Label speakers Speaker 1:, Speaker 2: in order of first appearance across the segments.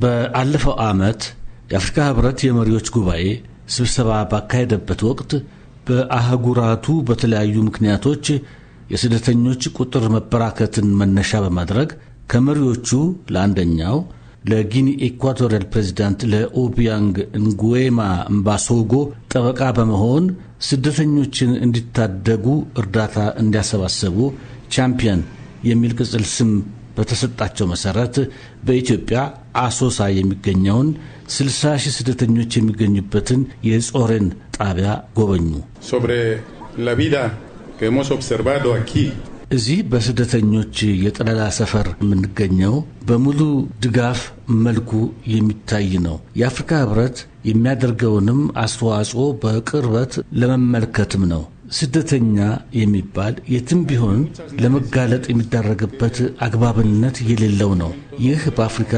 Speaker 1: በአለፈው ዓመት የአፍሪካ ህብረት የመሪዎች ጉባኤ ስብሰባ ባካሄደበት ወቅት በአህጉራቱ በተለያዩ ምክንያቶች የስደተኞች ቁጥር መበራከትን መነሻ በማድረግ ከመሪዎቹ ለአንደኛው ለጊኒ ኢኳቶሪያል ፕሬዚዳንት ለኦቢያንግ እንጉዌማ እምባሶጎ ጠበቃ በመሆን ስደተኞችን እንዲታደጉ እርዳታ እንዲያሰባሰቡ ቻምፒየን የሚል ቅጽል ስም በተሰጣቸው መሰረት በኢትዮጵያ አሶሳ የሚገኘውን 60 ሺህ ስደተኞች የሚገኙበትን የጾሬን ጣቢያ
Speaker 2: ጎበኙ። እዚህ
Speaker 1: በስደተኞች የጠለላ ሰፈር የምንገኘው በሙሉ ድጋፍ መልኩ የሚታይ ነው። የአፍሪካ ሕብረት የሚያደርገውንም አስተዋጽኦ በቅርበት ለመመልከትም ነው። ስደተኛ የሚባል የትም ቢሆን ለመጋለጥ የሚዳረግበት አግባብነት የሌለው ነው። ይህ በአፍሪካ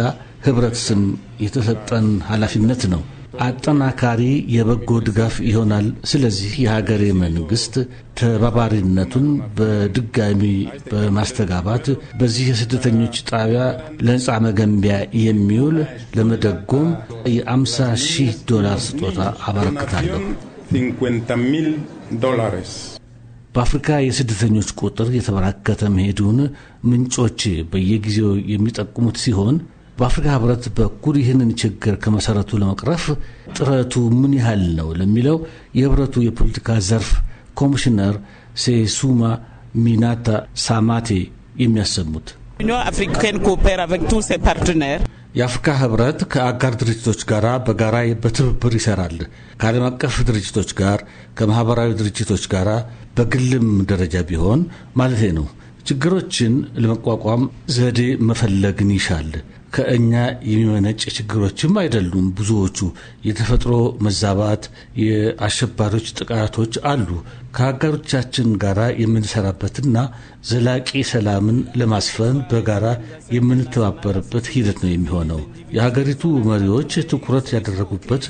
Speaker 1: ህብረት ስም የተሰጠን ኃላፊነት ነው። አጠናካሪ የበጎ ድጋፍ ይሆናል። ስለዚህ የሀገሬ መንግስት ተባባሪነቱን በድጋሚ በማስተጋባት በዚህ የስደተኞች ጣቢያ ለህንፃ መገንቢያ የሚውል ለመደጎም የአምሳ ሺህ ዶላር ስጦታ አበረክታለሁ።
Speaker 2: 50 ሚል ዶላርስ
Speaker 1: በአፍሪካ የስደተኞች ቁጥር የተበራከተ መሄዱን ምንጮች በየጊዜው የሚጠቁሙት ሲሆን በአፍሪካ ህብረት በኩል ይህንን ችግር ከመሰረቱ ለመቅረፍ ጥረቱ ምን ያህል ነው ለሚለው የህብረቱ የፖለቲካ ዘርፍ ኮሚሽነር ሴሱማ ሚናታ ሳማቴ የሚያሰሙት
Speaker 3: አፍሪካን ኮፐር አቨክ ቱ ሴ ፓርትነር የአፍሪካ
Speaker 1: ህብረት ከአጋር ድርጅቶች ጋር በጋራ በትብብር ይሰራል። ከዓለም አቀፍ ድርጅቶች ጋር፣ ከማህበራዊ ድርጅቶች ጋር፣ በግልም ደረጃ ቢሆን ማለት ነው። ችግሮችን ለመቋቋም ዘዴ መፈለግን ይሻል። ከእኛ የሚመነጭ ችግሮችም አይደሉም። ብዙዎቹ የተፈጥሮ መዛባት፣ የአሸባሪዎች ጥቃቶች አሉ። ከአጋሮቻችን ጋር የምንሰራበትና ዘላቂ ሰላምን ለማስፈን በጋራ የምንተባበርበት ሂደት ነው የሚሆነው። የሀገሪቱ መሪዎች ትኩረት ያደረጉበት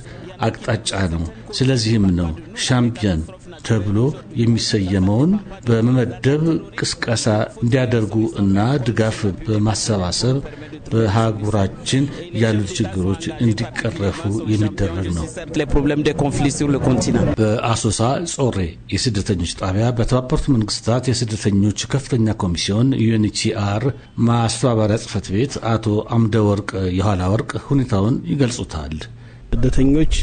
Speaker 1: አቅጣጫ ነው። ስለዚህም ነው ሻምፒየን ተብሎ የሚሰየመውን በመመደብ ቅስቀሳ እንዲያደርጉ እና ድጋፍ በማሰባሰብ በሀጉራችን ያሉት ችግሮች እንዲቀረፉ የሚደረግ ነው። በአሶሳ ጾሬ የስደተኞች ጣቢያ በተባበሩት መንግስታት የስደተኞች ከፍተኛ ኮሚሽን ዩኤንኤችሲአር ማስተባበሪያ ጽህፈት ቤት አቶ አምደ ወርቅ የኋላ ወርቅ ሁኔታውን ይገልጹታል።
Speaker 3: ስደተኞች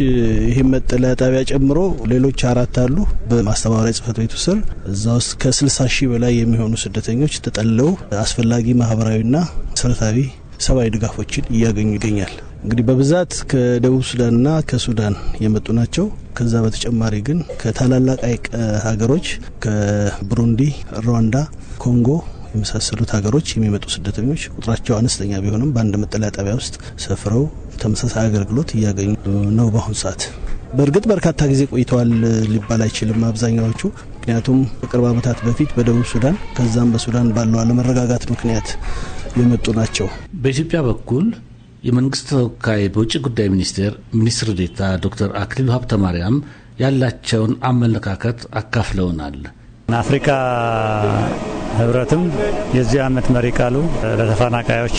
Speaker 3: ይህም መጠለያ ጣቢያ ጨምሮ ሌሎች አራት አሉ በማስተባበሪያ ጽፈት ቤቱ ስር። እዛ ውስጥ ከ ሺህ በላይ የሚሆኑ ስደተኞች ተጠለው አስፈላጊ ማህበራዊና መሰረታዊ ሰብአዊ ድጋፎችን እያገኙ ይገኛል። እንግዲህ በብዛት ከደቡብ ሱዳንና ከሱዳን የመጡ ናቸው። ከዛ በተጨማሪ ግን ከታላላቅ አይቀ ሀገሮች ከቡሩንዲ፣ ሩዋንዳ፣ ኮንጎ የመሳሰሉት ሀገሮች የሚመጡ ስደተኞች ቁጥራቸው አነስተኛ ቢሆንም በአንድ መጠለያ ጣቢያ ውስጥ ሰፍረው ተመሳሳይ አገልግሎት እያገኙ ነው በአሁኑ ሰዓት። በእርግጥ በርካታ ጊዜ ቆይተዋል ሊባል አይችልም አብዛኛዎቹ። ምክንያቱም ከቅርብ ዓመታት በፊት በደቡብ ሱዳን ከዛም በሱዳን ባለው አለመረጋጋት ምክንያት የመጡ ናቸው።
Speaker 1: በኢትዮጵያ በኩል የመንግስት ተወካይ በውጭ ጉዳይ ሚኒስቴር ሚኒስትር ዴታ ዶክተር አክሊሉ ማርያም ያላቸውን
Speaker 2: አመለካከት አካፍለውናል። አፍሪካ ህብረትም የዚህ ዓመት መሪ ቃሉ ለተፈናቃዮች፣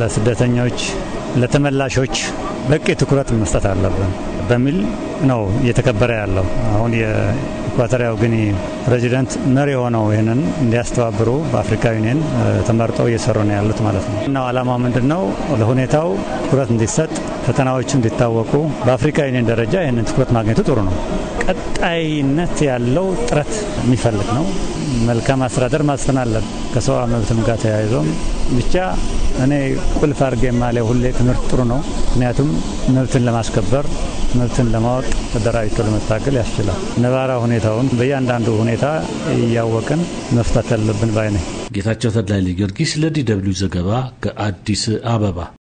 Speaker 2: ለስደተኞች ለተመላሾች በቂ ትኩረት መስጠት አለብን በሚል ነው እየተከበረ ያለው አሁን ኢኳቶሪያው ግኒ ፕሬዚደንት መሪ ሆነው ይህንን እንዲያስተባብሩ በአፍሪካ ዩኒየን ተመርጠው እየሰሩ ነው ያሉት ማለት ነው። እናው አላማ ምንድን ነው? ለሁኔታው ትኩረት እንዲሰጥ፣ ፈተናዎቹ እንዲታወቁ፣ በአፍሪካ ዩኒየን ደረጃ ይህንን ትኩረት ማግኘቱ ጥሩ ነው። ቀጣይነት ያለው ጥረት የሚፈልግ ነው። መልካም አስተዳደር ማስፈን አለን። ከሰው መብትም ጋር ተያይዞም ብቻ እኔ ቁልፍ አድርጌ ማለ ሁሌ ትምህርት ጥሩ ነው። ምክንያቱም መብትን ለማስከበር መብትን ለማወቅ ተደራጅቶ ለመታገል ያስችላል። ነባራ ሁኔታውን በእያንዳንዱ ሁኔታ እያወቅን መፍታት ያለብን ባይ ነኝ።
Speaker 1: ጌታቸው ተድላይ ጊዮርጊስ ለዲ ደብልዩ ዘገባ ከአዲስ አበባ